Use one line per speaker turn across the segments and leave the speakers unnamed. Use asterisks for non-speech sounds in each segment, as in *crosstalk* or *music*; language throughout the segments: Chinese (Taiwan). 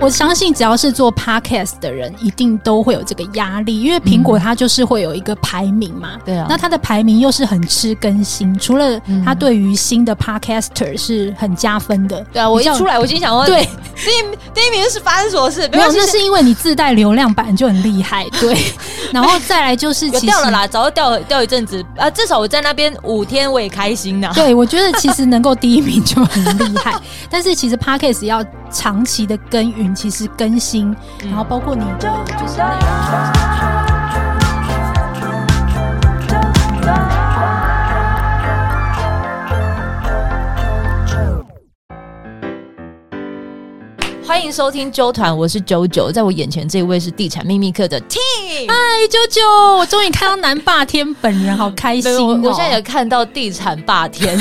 我相信，只要是做 podcast 的人，一定都會有這個壓力，因為蘋果它就是會有一個排名嘛。嗯、對啊，那它的排名又是很吃更新，除了它對於新的 Podcaster 是很加分的。對啊，較我一出來我心說，我經想問，對，第 *laughs* 第一名是發生什麼事？沒,沒有，那是因為你自帶流量版就很厲害。對，然後再來就是掉了啦，早就掉掉一陣子啊，至少我在那邊五天我也開心的。對，我覺得其實能夠第一名就很厲害， *laughs* 但是其實 podcast 要。長期的耕耘，其實更新，然後包括你的，就是。歡迎收聽啾團，我是九九，在我眼前這位是地產秘密客的 Ting，嗨，九九，我終於看到南霸天本人，好開心！有我現在也看到地產霸天，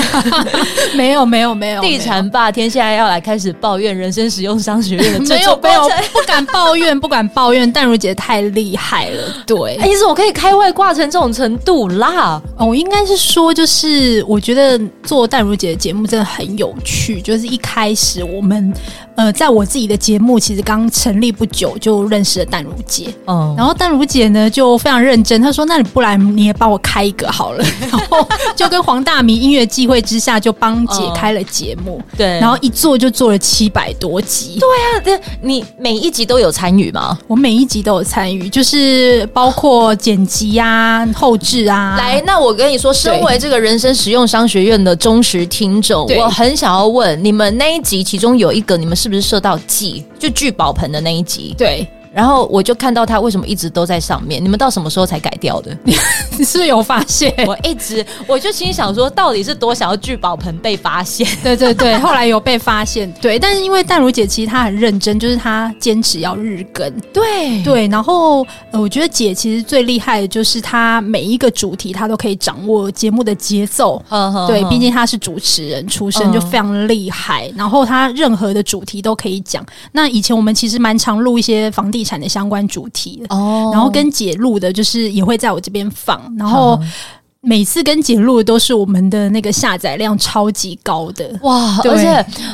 沒有沒有沒有，沒有沒有地產霸天 *laughs* 現在要來開始抱怨人生實用商學院的種沒有，沒有子不敢抱怨，不敢抱怨，淡 *laughs* 如姐太厲害了，對，為什麼我可以開外掛成這種程度啦？我、嗯哦、應該是說，就是我覺得做淡如姐的節目真的很有趣，就是一開始我們。呃，在我自己的節目其實剛成立不久就認識了淡如姐，嗯、哦，然後淡如姐呢就非常認真，她說：“那你不然你也幫我開一個好了。”然後就跟黃大明因緣際會之下就幫姐開了節目，哦、對，然後一做就做了七百多集。對啊，對你每一集都有參與嗎？我每一集都有參與，就是包括剪輯呀、啊、後製啊。來，那我跟你說，身為這個人生實用商學院的忠實聽眾，對我很想要問你們那一集其中有一個，你們是。是不是射到季，就聚寶盆的那一集？對。然後我就看到他為什麼一直都在上面。你們到什麼時候才改掉的？ *laughs* 是不是有發現？我一直我就心想說，到底是多想要聚寶盆被發現？ *laughs* 對對對。後來有被發現， *laughs* 對。但是因為淡如姐其實她很認真，就是她堅持要日更。對、嗯、對。然後、呃、我覺得姐其實最厲害的就是她每一個主題她都可以掌握節目的節奏。嗯、哼哼對，畢竟她是主持人出身，就非常厲害。嗯、然後她任何的主題都可以講。那以前我們其實蠻常錄一些房地地產的相關主題哦，然後跟解錄的，就是也會在我這邊放，然後每次跟解錄都是我們的那個下載量超級高的哇！對而且，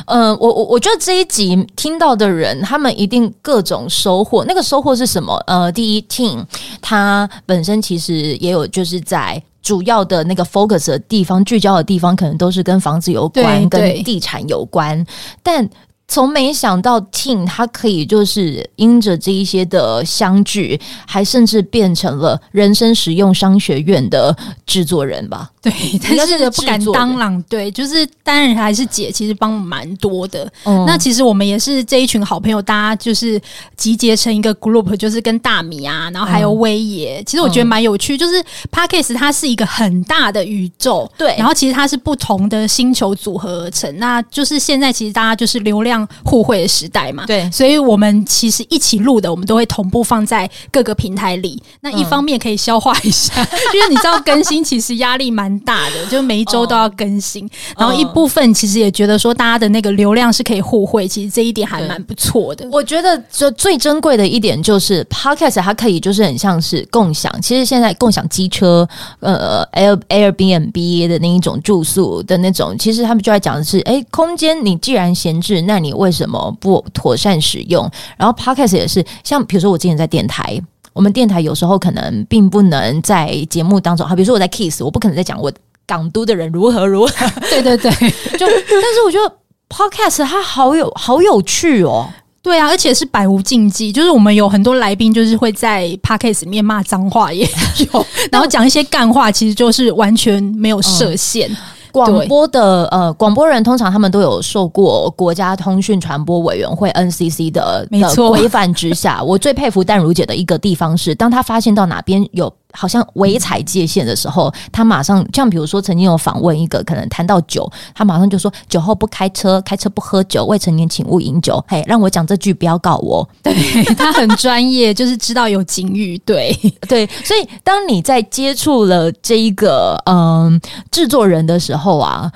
嗯、呃，我我我覺得這一集聽到的人，他們一定各種收穫。那個收穫是什麼？呃，第一，team 它本身其實也有就是在主要的那個 focus 的地方聚焦的地方，可能都是跟房子有關，對跟地產有關，對但。從沒想到 team 他可以就是因着這一些的相聚，還甚至變成了人生實用商學院的製作人吧？對，但是不敢當朗。對，就是當然還是姐其實幫我蠻多的。嗯、那其實我們也是這一群好朋友，大家就是集結成一個 group，就是跟大米啊，然後還有崴爺，嗯、其實我覺得蠻有趣。就是 Podcast 它是一個很大的宇宙，對，然後其實它是不同的星球組合而成。那就是現在其實大家就是流量。互惠的時代嘛，對，所以我們其實一起錄的，我們都會同步放在各個平台裡。那一方面可以消化一下，嗯、因為你知道更新其實壓力蠻大的， *laughs* 就每一周都要更新。哦、然後一部分其實也覺得說，大家的那個流量是可以互惠，其實這一點還蠻不錯的。我覺得就最珍貴的一點就是 Podcast 它可以就是很像是共享，其實現在共享機車，呃，Air Airbnb 的那一種住宿的那種，其實他們就在講的是，哎、欸，空間你既然閒置，那你。你為什麼不妥善使用？然後 Podcast 也是，像比如說我之前在電台，我們電台有時候可能並不能在節目當中，好，比如說我在 Kiss，我不可能在講我港都的人如何如何。 *laughs* 對對對，就 *laughs* 但是我覺得 Podcast 它好有好有趣哦。對啊，而且是百無禁忌，就是我們有很多來賓就是會在 Podcast 裡面罵髒話也有，然後講一些幹話，其實就是完全沒有設限。 *laughs* 嗯廣播的對呃，廣播人通常他們都有受過國家通訊傳播委員會 NCC 的錯的規範之下。 *laughs* 我最佩服淡如姐的一個地方是，當她發現到哪邊有。好像維踩界限的時候，他馬上像比如說曾經有訪問一個可能談到酒，他馬上就說酒後不開車，開車不喝酒，未成年請勿飲酒。嘿、hey，讓我講這句，不要告我。 *laughs* 對，他很專業， *laughs* 就是知道有禁欲。對 *laughs* 對，所以當你在接觸了這一個嗯呃、製作人的時候啊。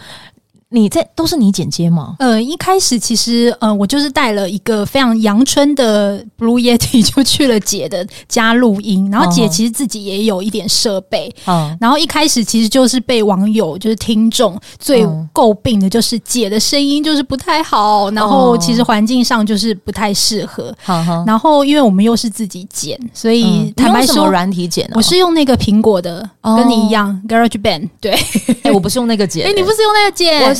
你在都是你剪接嗎？呃，一開始其實呃，我就是帶了一個非常陽春的 Blue Yeti 就去了姐的家錄音，然後姐其實自己也有一點設備，uh huh. 然後一開始其實就是被網友就是聽眾最詬病的就是姐的聲音就是不太好，然後其實環境上就是不太適合，uh huh. 然後因為我們又是自己剪，所以、uh huh. 坦白說，你用什麼軟、嗯、體剪、哦，我是用那個蘋果的，uh huh. 跟你一樣 GarageBand，對、欸，我不是用那個剪，哎、欸，你不是用那個剪，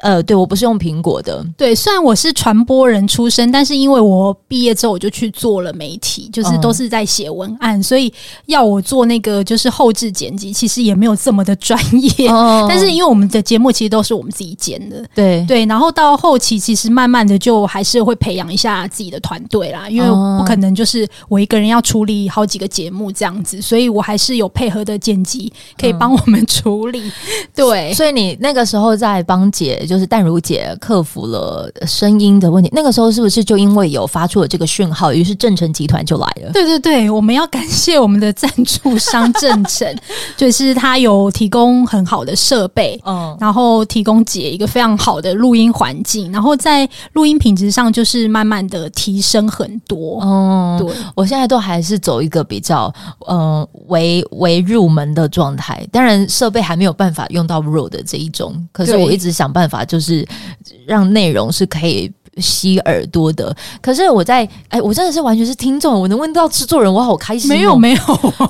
呃，對，我不是用蘋果的。對，雖然我是傳播人出身，但是因為我畢業之後我就去做了媒體，就是都是在寫文案，嗯、所以要我做那個就是後置剪輯，其實也沒有這麼的專業。哦、嗯。但是因為我們的節目其實都是我們自己剪的，對對。然後到後期，其實慢慢的就還是會培養一下自己的團隊啦，因為不可能就是我一個人要處理好幾個節目這樣子，所以我還是有配合的剪輯可以幫我們處理。嗯、對，所以你那個時候在幫姐。就是淡如姐克服了聲音的問題，那個時候是不是就因為有發出了這個訊號，於是正成集團就來了？對對對，我們要感謝我們的贊助商正成， *laughs* 就是他有提供很好的設備，嗯，然後提供姐一個非常好的錄音環境，然後在錄音品質上就是慢慢的提升很多。嗯，對我現在都還是走一個比較嗯為為入門的狀態，當然設備還沒有辦法用到 Rode 這一種，可是我一直想辦法。就是讓內容是可以吸耳朵的。可是我在哎，我真的是完全是聽眾。我能問到制作人，我好開心喔。沒有，沒有。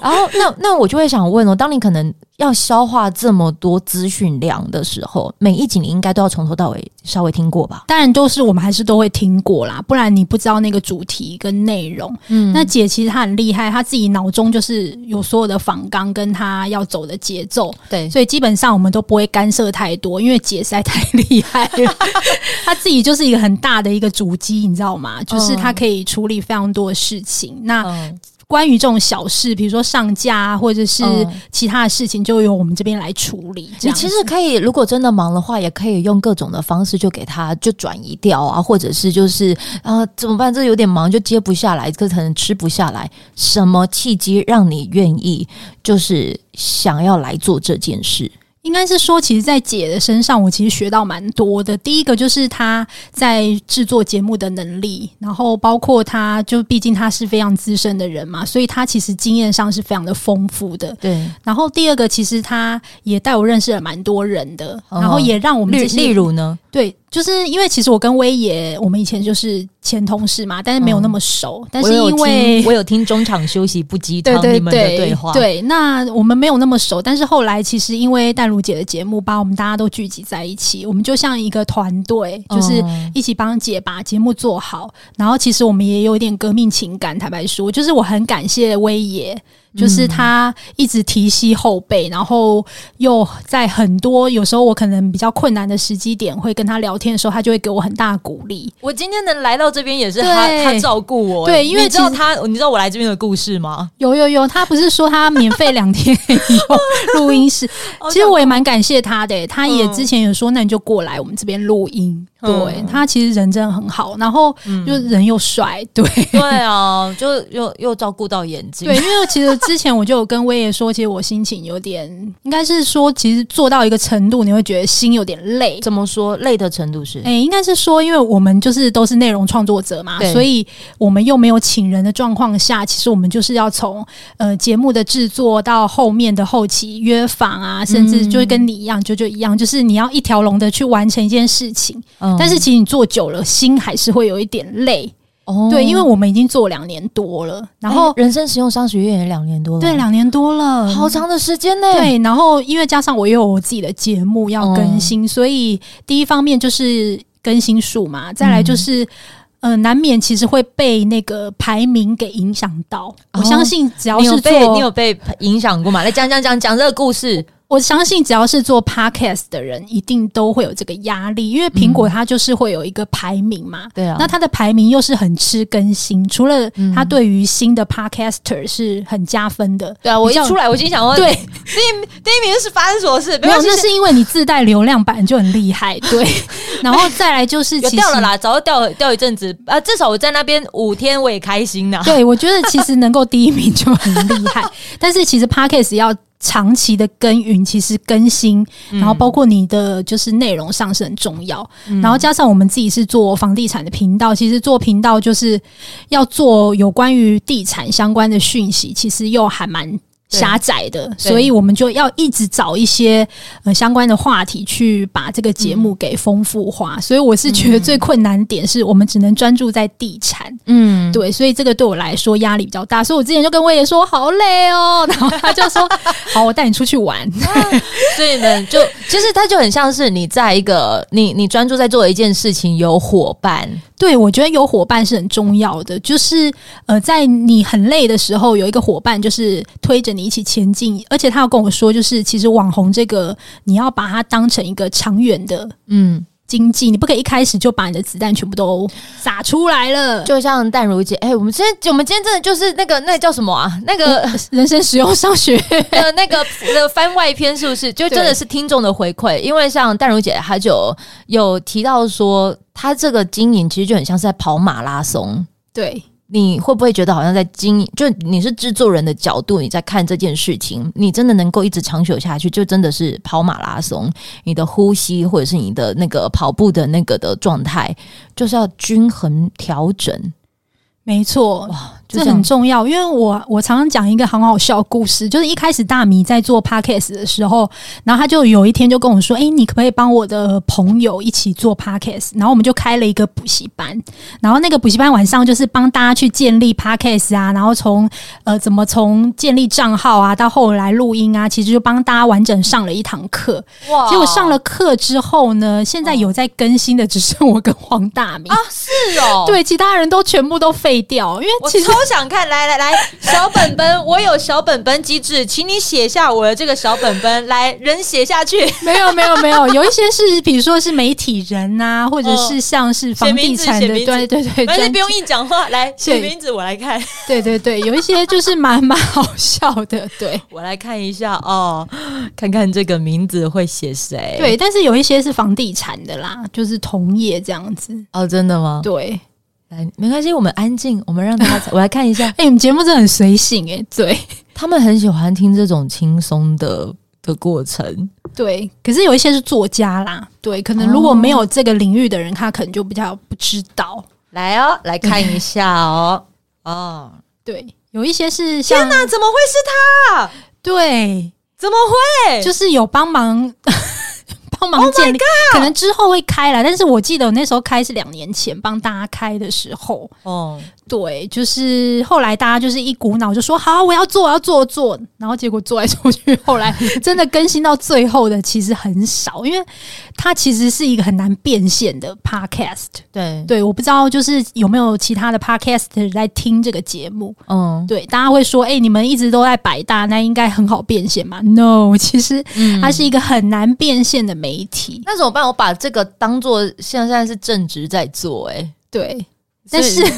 然後那那我就會想問哦喔，當你可能。要消化這麼多資訊量的時候，每一集你應該都要從頭到尾稍微聽過吧？當然，都是我們還是都會聽過啦，不然你不知道那個主題跟內容。嗯，那姐其實她很厲害，她自己腦中就是有所有的訪綱跟她要走的節奏。對，所以基本上我們都不會干涉太多，因為姐實在太厲害了， *laughs* 她自己就是一個很大的一個主機，你知道嗎？就是她可以處理非常多的事情。嗯、那。嗯關於這種小事，比如說上架啊，或者是其他的事情，就由我們這邊來處理，嗯。你其實可以，如果真的忙的話，也可以用各種的方式就給他就轉移掉啊，或者是就是啊，呃，怎麼辦？這有點忙，就接不下來，這可，可能吃不下來。什麼契機讓你願意就是想要來做這件事？應該是說，其實，在姐的身上，我其實學到蠻多的。第一個就是她在製作節目的能力，然後包括她，就畢竟她是非常資深的人嘛，所以她其實經驗上是非常的豐富的。對。然後第二個，其實她也帶我認識了蠻多人的，哦哦，然後也讓我們例，例如呢？，對。就是因為其實我跟崴爺，我們以前就是前同事嘛，但是沒有那麼熟。嗯、但是因為我有，我有聽中場休息不雞湯你們的對話 *laughs* 對對對對，對，那我們沒有那麼熟。但是後來其實因為淡如姐的節目，把我們大家都聚集在一起，嗯、我們就像一個團隊，就是一起幫姐把節目做好。嗯、然後其實我們也有一點革命情感，坦白說，就是我很感謝崴爺。就是他一直提攜後進，然後又在很多有時候我可能比較困難的時機點，會跟他聊天的時候，他就會給我很大的鼓勵。我今天能來到這邊，也是他對他照顧我。對，因為你知道實他，你知道我來這邊的故事嗎？有有有，他不是說他免費兩天有錄 *laughs* *laughs* 音室，其實我也蠻感謝他的。他也之前有說，嗯、那你就過來我們這邊錄音。對他其實人真的很好，然後就人又帥，嗯、對對哦，就又又照顧到眼睛。對，因為其實之前我就有跟崴爺說，其實我心情有點，應該是說其實做到一個程度，你會覺得心有點累。怎麼說累的程度是？哎、欸，應該是說，因為我們就是都是內容創作者嘛，對所以我們又沒有請人的狀況下，其實我們就是要從呃節目的制作到後面的後期約訪啊，甚至就會跟你一樣，嗯、就就一樣，就是你要一條龍的去完成一件事情。嗯但是其實你做久了，心還是會有一點累。哦，對，因為我們已經做兩年多了，然後、欸、人生實用商學院也兩年，年多了，對，兩年多了，好長的時間呢、欸。對，然後因為加上我又有我自己的節目要更新，哦、所以第一方面就是更新數嘛，再來就是、嗯、呃，難免其實會被那個排名給影響到。哦、我相信只要是做，你被你有被影響過嗎？ *laughs* 來講講講講這個故事。我相信，只要是做 podcast 的人，一定都會有這個壓力，因為蘋果它就是會有一個排名嘛。對啊、嗯，那它的排名又是很吃更新，除了它對於新的 podcaster 是很加分的。對啊，較我一出來我就想問對第一第一名是繁瑣事，沒,沒有，那是因為你自帶流量版就很厲害。對，然後再來就是其實掉了啦，早就掉掉一陣子，呃、啊，至少我在那邊五天我也開心的。對，我覺得其實能夠第一名就很厲害， *laughs* 但是其實 podcast 要。長期的耕耘，其實更新，然後包括你的就是內容上是很重要，嗯、然後加上我們自己是做房地產的頻道，其實做頻道就是要做有關於地產相關的訊息，其實又還蠻。狹窄的，所以我們就要一直找一些呃相關的話題去把這個節目給豐富化。嗯、所以我是覺得最困難點是我們只能專注在地產，嗯，對，所以這個對我來說壓力比較大。所以我之前就跟崴爺說好累哦，然後他就說 *laughs* 好，我帶你出去玩。所以呢，就其實他就很像是你在一個你你專注在做的一件事情，有伙伴，對，我覺得有伙伴是很重要的，就是呃，在你很累的時候，有一個伙伴就是推着你一起前進，而且他有跟我說，就是其實網紅這個，你要把它當成一個長遠的嗯經濟，你不可以一開始就把你的子彈全部都撒出來了。就像淡如姐，哎、欸，我們今天我們今天真的就是那個那個，叫什麼啊？那個人生實用商學院的，呃、那個的番外篇，是不是？就真的是聽眾的回饋，對因為像淡如姐，她就有，有提到說，她這個經營其實就很像是在跑馬拉松，對。你會不會覺得好像在經營？就你是製作人的角度，你在看這件事情，你真的能夠一直長久下去，就真的是跑馬拉松，你的呼吸或者是你的那個跑步的那個的狀態，就是要均衡調整。沒錯，這，這很重要，因為我我常常講一個很好笑的故事，就是一開始大米在做 podcast 的時候，然後他就有一天就跟我說：“哎、欸，你可不可以幫我的朋友一起做 podcast？” 然後我們就開了一個補習班，然後那個補習班晚上就是幫大家去建立 podcast 啊，然後從呃怎麼從建立賬號啊到後來錄音啊，其實就幫大家完整上了一堂課。哇！結果上了課之後呢，現在有在更新的、哦、只剩我跟黃大米啊，是哦，對，其他人都全部都廢掉，因為其實。都想看，來來來，小本本，我有小本本機製，請你寫下我的這個小本本，來人寫下去。沒有沒有沒有，有一些是，比如說是媒體人啊，或者是像是房地產的，哦、對對對，反正輯不用硬講話，來寫寫名字，我來看。對對對，有一些就是蠻蠻好笑的，對我來看一下哦，看看這個名字會寫誰？對，但是有一些是房地產的啦，就是同業這樣子。哦，真的嗎？對。來，沒關係，我們安靜，我們讓大家，我來看一下。哎、 *laughs* 欸，你們節目真的很隨性哎，對，他們很喜歡聽這種輕鬆的的過程，對。可是有一些是作家啦，對，可能如果沒有這個領域的人，哦、他可能就比較不知道。來哦，來看一下哦，對哦，對，有一些是像天哪，怎麼會是他？對，怎麼會？就是有幫忙。 *laughs* 匆忙建立，可能之後會開了，但是我記得我那時候開是兩年前幫大家開的時候，哦，oh. 對，就是後來大家就是一股腦就說好，我要做，我要做做，然後結果做來做去，後來真的更新到最後的其實很少，因為。它其實是一個很難變現的 podcast。對對，我不知道就是有沒有其他的 podcast 在聽這個節目，嗯，對，大家會說，哎、欸，你們一直都在百大，那應該很好變現嘛？No，其實它是一個很難變現的媒體，嗯、那怎麼辦？我把這個當做現在是正職在做、欸，誒對，以但是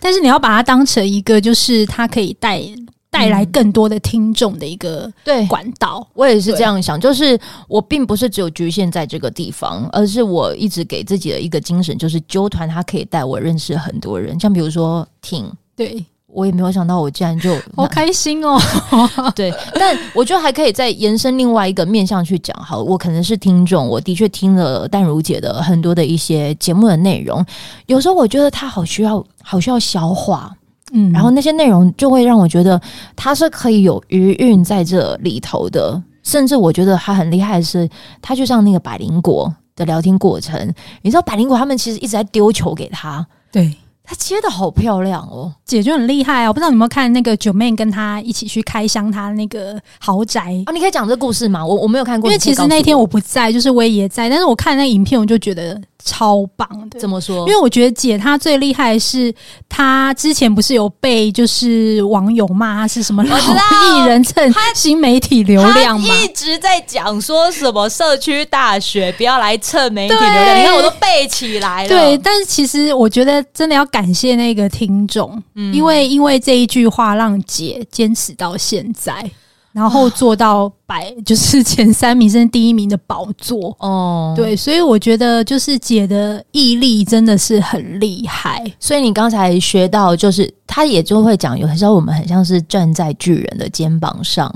但是你要把它當成一個，就是它可以代言。帶來更多的聽眾的一個，對管道對。我也是這樣想。對就是我並不是只有侷限在這個地方，而是我一直給自己的一個精神，就是揪團，他可以帶我認識很多人，像比如說 Ting，聽，對我也沒有想到我竟然，就好開心哦。 *laughs* 對，但我覺得還可以再延伸另外一個面向去講，好，我可能是聽眾，我的確聽了淡如姐的很多的一些節目的內容，有時候我覺得她好需要，好需要消化。嗯，然後那些內容就會讓我覺得他是可以有餘韻在這裡頭的，甚至我覺得他很厲害的是，他就像那個百靈果的聊天過程，你知道百靈果他們其實一直在丟球給他，對他接的好漂亮哦，姐就很厲害啊！我不知道你們有沒有看那個九妹跟他一起去開箱他那個豪宅哦、啊、你可以講這故事嘛？我我沒有看過，因為其實那天我不在，我我不在，就是崴爺在，但是我看那個影片我就覺得。超棒的，怎麼說？因為我覺得姐她最厲害的是她之前不是有被就是網友罵她是什麼老藝人蹭新媒體流量嗎？一直在講說什麼社區大學不要來蹭媒體流量，對你看我都背起來了。對，但是其實我覺得真的要感謝那個聽眾，嗯、因為因為這一句話讓姐堅持到現在。然後坐到百，就是前三名甚至第一名的寶座哦。嗯、對，所以我覺得就是姐的毅力真的是很厲害。所以你剛才學到，就是她也就會講，有時候我們很像是站在巨人的肩膀上。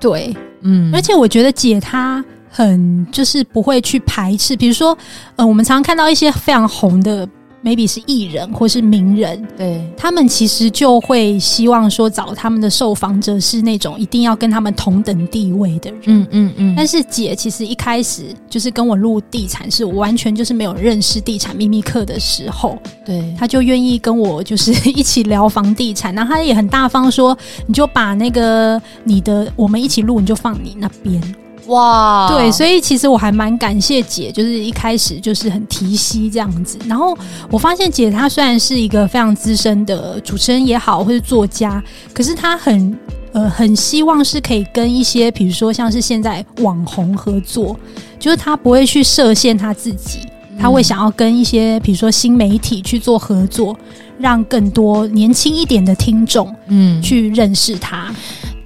對，嗯。而且我覺得姐她很就是不會去排斥，比如說，嗯、呃，我們常常看到一些非常紅的。maybe 是藝人或是名人，對，他們其實就會希望說找他們的受訪者是那種一定要跟他們同等地位的人，嗯嗯嗯。嗯嗯，但是姐其實一開始就是跟我錄地產，是我完全就是沒有認識地產秘密客的時候，對，她就願意跟我就是一起聊房地產，那她也很大方說，你就把那個你的我們一起錄，你就放你那邊。哇，Wow 對，所以其實我還蠻感謝姐，就是一開始就是很提攜這樣子。然後我發現姐她雖然是一個非常資深的主持人也好，或是作家，可是她很呃很希望是可以跟一些比如說像是現在網紅合作，就是她不會去設限她自己，嗯、她會想要跟一些比如說新媒體去做合作，讓更多年輕一點的聽眾嗯去認識她。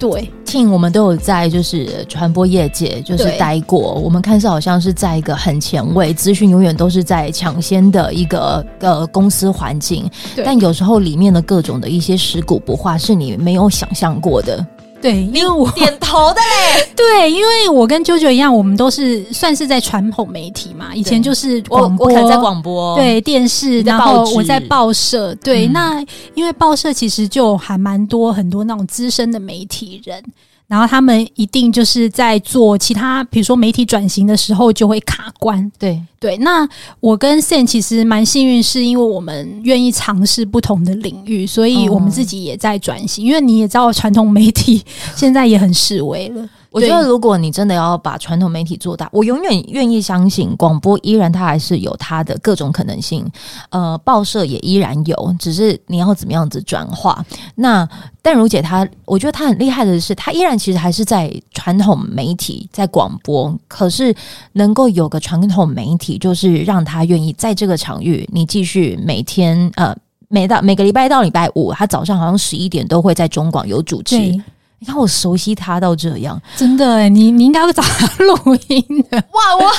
對 Ting 我們都有在就是傳播業界就是待過，對我們看似好像是在一個很前衛，資訊永遠都是在搶先的一個呃公司環境，對但有時候裡面的各種的一些食古不化是你沒有想象過的。對，因為我點頭的嘞。 *laughs* 對，因為我跟啾啾一樣，我們都是算是在傳統媒體嘛，以前就是廣播，我我在廣播，對，電視，然後我在報社，對，嗯、那因為報社其實就還蠻多很多那種資深的媒體人。然後他們一定就是在做其他，比如說媒體轉型的時候就會卡關。對對，那我跟 Sean 其實蠻幸運，是因為我們願意嘗試不同的領域，所以我們自己也在轉型。嗯、因為你也知道，傳統媒體現在也很式微了。我覺得，如果你真的要把傳統媒體做大，對我永遠願意相信廣播依然它還是有它的各種可能性。呃，報社也依然有，只是你要怎麼樣子轉化。那淡如姐她，我覺得她很厲害的是，她依然其實還是在傳統媒體在廣播，可是能夠有個傳統媒體，就是讓她願意在這個場域，你繼續每天呃，每到每個禮拜一到禮拜五，她早上好像十一點都會在中廣有主持。你看我熟悉他到這樣，真的誒，你你應該會找他錄音的哇，我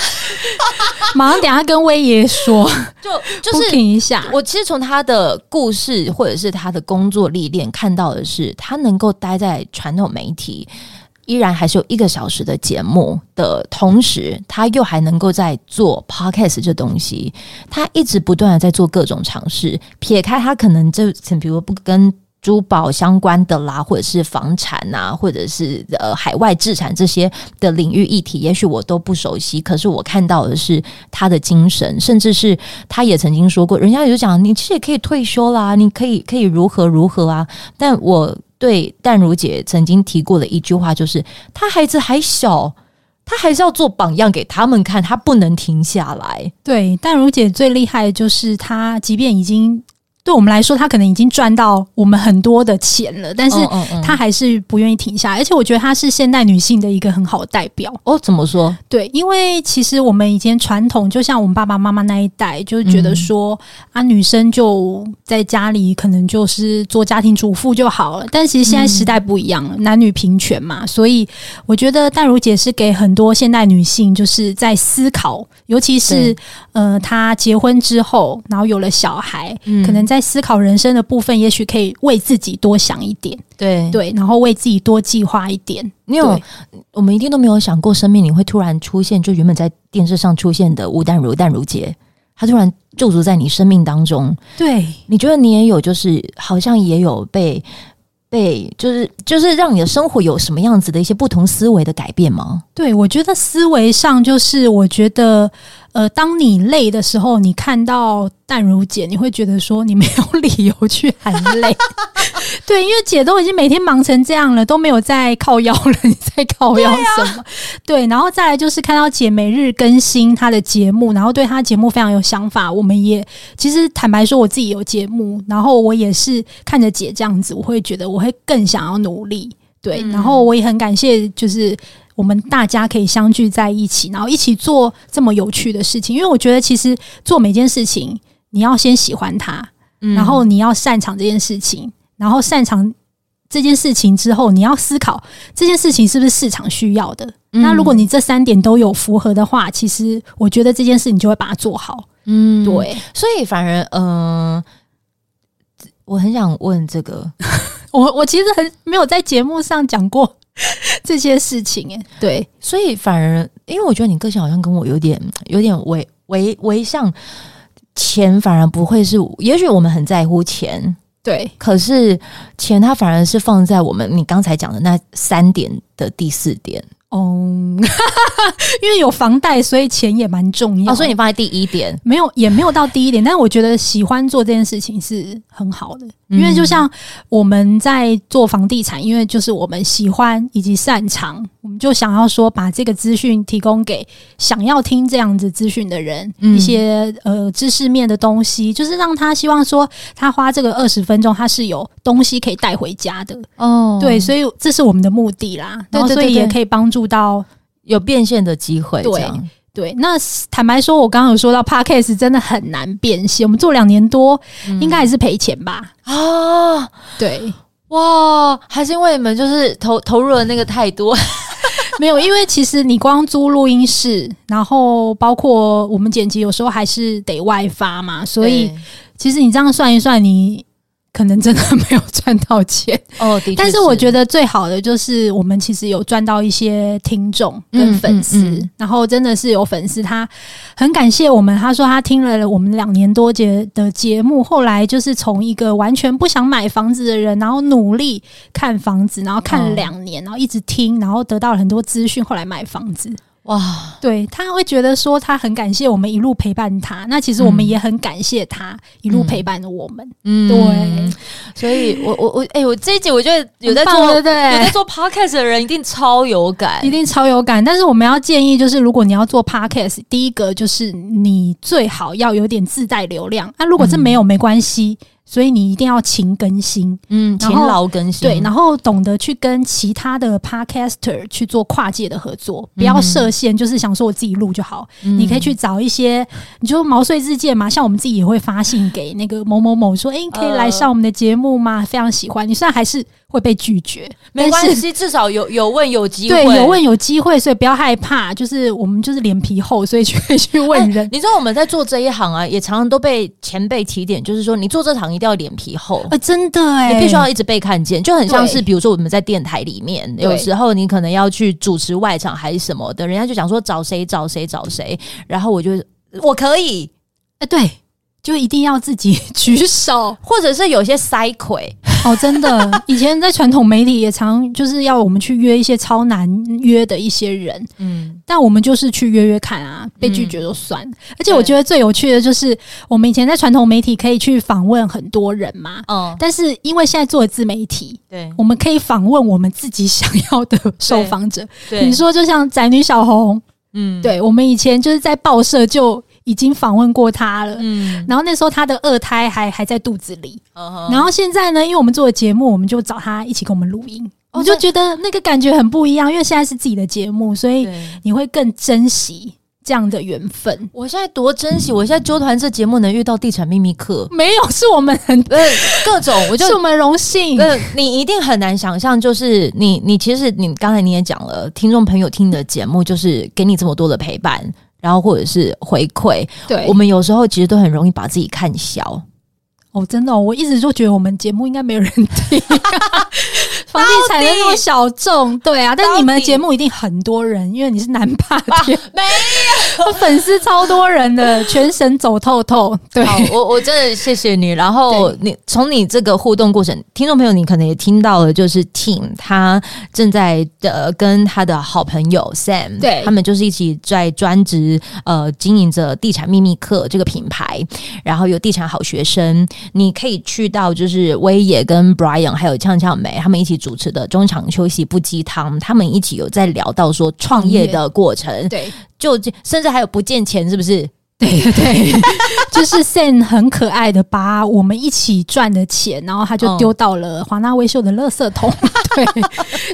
*laughs* 馬上等下跟威爺說，就就是停一下。我其實從他的故事或者是他的工作歷練看到的是，他能夠待在傳統媒體，依然還是有一個小時的節目的同時，他又還能夠在做 podcast 這東西，他一直不斷的在做各種嘗試。撇開他可能就比如說不跟。珠寶相關的啦，或者是房產呐、啊，或者是呃海外資產這些的領域議題，也許我都不熟悉。可是我看到的是他的精神，甚至是他也曾經說過，人家有講你其實也可以退休啦，你可以可以如何如何啊。但我對淡如姐曾經提過的一句話就是，他孩子還小，他還是要做榜樣給他們看，他不能停下來。對，淡如姐最厲害的就是她，即便已經。對我們來說，他可能已經賺到我們很多的錢了，但是他還是不願意停下。而且我覺得她是現代女性的一個很好的代表。哦，怎麼說？對，因為其實我們以前傳統，就像我們爸爸媽媽那一代，就覺得說、嗯、啊，女生就在家裡，可能就是做家庭主婦就好了。但其實現在時代不一樣了，嗯、男女平權嘛，所以我覺得淡如姐是給很多現代女性就是在思考，尤其是對呃，她結婚之後，然後有了小孩，嗯、可能。在思考人生的部分，也許可以為自己多想一點，對對，然後為自己多計劃一點。你有，對我們一定都沒有想過，生命裡會突然出現，就原本在電視上出現的吳淡如、淡如姐，她突然駐足在你生命當中。對，你覺得你也有，就是好像也有被被，就是就是讓你的生活有什麼樣子的一些不同思維的改變嗎？對，我覺得思維上就是，我覺得。呃，當你累的時候，你看到淡如姐，你會覺得說你沒有理由去喊累。 *laughs* 對，因為姐都已經每天忙成這樣了，都沒有在靠腰了，你在靠腰什麼？對，啊、對，然後再來就是看到姐每日更新她的節目，然後對她節目非常有想法。我們也其實坦白說，我自己有節目，然後我也是看着姐這樣子，我會覺得我會更想要努力。對，嗯、然後我也很感謝，就是。我們大家可以相聚在一起，然後一起做這麼有趣的事情。因為我覺得，其實做每件事情，你要先喜歡它，嗯、然後你要擅長這件事情，然後擅長這件事情之後，你要思考這件事情是不是市場需要的。嗯、那如果你這三點都有符合的話，其實我覺得這件事你就會把它做好。嗯，對。所以，反而，嗯、呃，我很想問這個， *laughs* 我我其實很沒有在節目上講過。這些事情耶、欸，對，所以反而，因為我覺得你個性好像跟我有點有點唯唯唯像錢，反而不會是，也許我們很在乎錢，對，可是錢它反而是放在我們你剛才講的那三點的第四點。哦，um, *laughs* 因為有房貸，所以錢也蠻重要的、哦。所以你放在第一點，沒有，也沒有到第一點。但是我覺得喜歡做這件事情是很好的，嗯、因為就像我們在做房地產，因為就是我們喜歡以及擅長，我們就想要說把這個資訊提供給想要聽這樣子資訊的人，嗯、一些呃知識面的東西，就是讓他希望說他花這個二十分鐘，他是有東西可以帶回家的。哦，對，所以這是我們的目的啦。對，所以也可以幫助。到有變現的機會這樣，對對。那坦白說，我剛剛有說到 Podcast 真的很難變現。我們做兩年多，嗯、應該也是賠錢吧？啊，對，哇，還是因為你們就是投投入的那個太多，嗯、 *laughs* 沒有。因為其實你光租錄音室，然後包括我們剪輯，有時候還是得外發嘛。所以，對其實你這樣算一算，你。可能真的沒有賺到錢哦，是但是我覺得最好的就是我們其實有賺到一些聽眾跟粉絲。嗯嗯嗯、然後真的是有粉絲他很感謝我們，他說他聽了我們兩年多節的節目，後來就是從一個完全不想買房子的人，然後努力看房子，然後看了兩年，然後一直聽，然後得到了很多資訊，後來買房子。哇，對他會覺得說他很感謝我們一路陪伴他，那其實我們也很感謝他一路陪伴着我們。嗯，對嗯，所以我，我我我，哎、欸，我這一集我覺得有在做，對，對有在做 podcast 的人一定超有感，一定超有感。但是我們要建議，就是如果你要做 podcast，第一個就是你最好要有點自帶流量。那、啊、如果這沒有沒關係。嗯所以你一定要勤更新，嗯，勤勞更新，對，然後懂得去跟其他的 podcaster 去做跨界的合作，不要設限，嗯、哼就是想說我自己錄就好。嗯、哼你可以去找一些，你就毛遂自薦嘛，像我們自己也會發信給那個某某某說，誒、欸、可以來上我們的節目嗎？呃、非常喜歡你，雖然還是。會被拒絕，沒關係，是至少有有問有機會，有問有機會，所以不要害怕，就是我們就是臉皮厚，所以去去問人。欸、你知道我們在做這一行啊，也常常都被前輩提點，就是說你做這行一定要臉皮厚啊、欸，真的誒、欸、你必須要一直被看見，就很像是對比如說我們在電台裡面，有時候你可能要去主持外場還是什麼的，人家就講說找誰找誰找誰，然後我就我可以哎、欸，對，就一定要自己舉手，或者是有些塞魁。好、哦，真的，以前在傳統媒體也常就是要我們去約一些超難約的一些人，嗯，但我們就是去約約看啊，被拒絕就算。嗯、而且我覺得最有趣的，就是對我們以前在傳統媒體可以去訪問很多人嘛，哦，但是因為現在做自媒體，對，我們可以訪問我們自己想要的受訪者。對。對，你說就像宅女小紅，嗯，對，我們以前就是在報社就。已經訪問過他了，嗯，然後那時候他的二胎還還在肚子裡，哦、哼然後現在呢，因為我們做了節目，我們就找他一起跟我們錄音，我、哦、就覺得那個感覺很不一樣，因為現在是自己的節目，所以你會更珍惜這樣的緣分。我現在多珍惜，嗯、我現在《啾團》這節目能遇到地產秘密客，沒有是我們對各種，我覺得我們榮幸。你一定很難想象，就是你你其實你剛才你也講了，聽眾朋友聽的節目就是給你這麼多的陪伴。然後或者是回饋，對我們有時候其實都很容易把自己看小。哦，真的、哦，我一直就覺得我們節目應該沒有人聽， *laughs* 房地產那麼小眾， *laughs* 底對啊，但你們節目一定很多人，因為你是南霸天、 *laughs* 啊，沒有 *laughs* 粉絲超多人的，全省走透透。對，好我我真的謝謝你。然後對你從你這個互動過程，聽眾朋友，你可能也聽到了，就是 Ting 他正在的跟他的好朋友 Sam，對，他們就是一起在專職呃經營着地產秘密客這個品牌，然後有地產好學聲。你可以去到，就是崴爺跟 Brian 還有俏俏梅他們一起主持的中場休息不雞湯，他們一起有在聊到說創業的過程，對，就甚至還有不見錢，是不是？對對， *laughs* 就是 s a n 很可愛的把我們一起賺的錢，然後他就丟到了華納威秀的垃圾桶， *laughs* 對，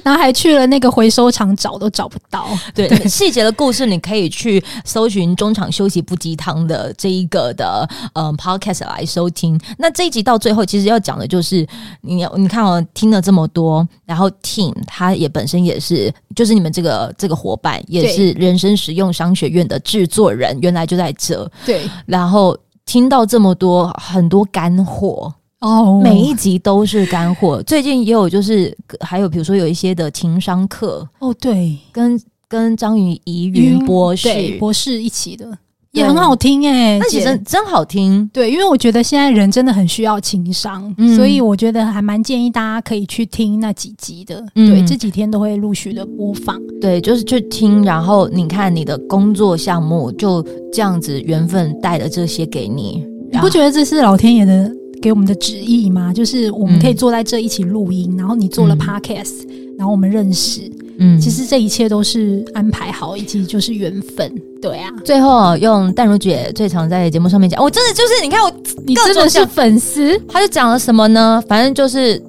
然後還去了那個回收場找都找不到。對細節的故事，你可以去搜尋中場休息不雞湯的這一個的呃、嗯、Podcast 來收聽。那這一集到最後，其實要講的就是你你看我、哦、聽了這麼多，然後 Ting 他也本身也是，就是你們這個這個伙伴也是人生實用商學院的制作人，對 原來就在這。對，然後聽到這麼多很多乾貨哦，每一集都是乾貨。最近也有就是還有比如說有一些的情商課哦，對，跟跟張雨怡筠，筠博士對博士一起的。
對也很好聽哎，欸，那其實真、
姐真好聽。對，因為我覺得現在人真的很需要情商，嗯、所以我覺得還蠻建議大家可以去聽那幾集的。嗯、對，這幾天都會陸續的播放，嗯。對，就是去聽，然後你看你的工作項目就這樣子，緣分帶了這些給你，你不覺得這是老天爺的給我們的旨意嗎？就是我們可以坐在這一起錄音，嗯、然後你做了 podcast、嗯、然後我們認識。嗯，其實這一切都是安排好，以及就是緣分，對啊。最後用淡如姐最常在節目上面講，我真的就是你看我，你，你真的是粉絲，他就講了什麼呢？反正就是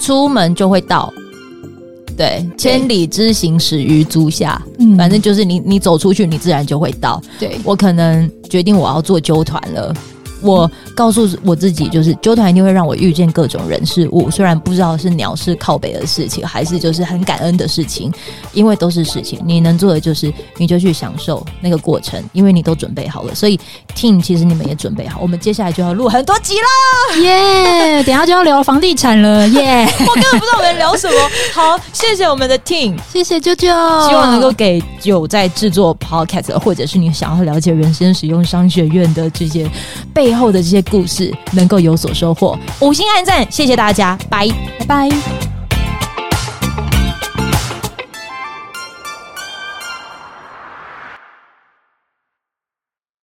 出門就會到，對，對千里之行始於足下，嗯，反正就是你你走出去，你自然就會到。對，我可能決定我要做啾團了。我告訴我自己，就是啾團一定會讓我遇見各種人事物，雖然不知道是鳥是靠北的事情，還是就是很感恩的事情，因為都是事情。你能做的就是，你就去享受那個過程，因為你都準備好了。所以，Ting，其實你們也準備好，我們接下來就要錄很多集了，耶！Yeah, 等一下就要聊房地產了，耶！ *laughs* Yeah. 我根本不知道我們在聊什麼。好，謝謝我們的 Ting，謝謝啾啾，希望能夠給有在製作 Podcast，或者是你想要了解人生、實用商學院的這些被背後的這些故事能夠有所收穫，五星按讚，謝謝大家，拜拜拜。拜拜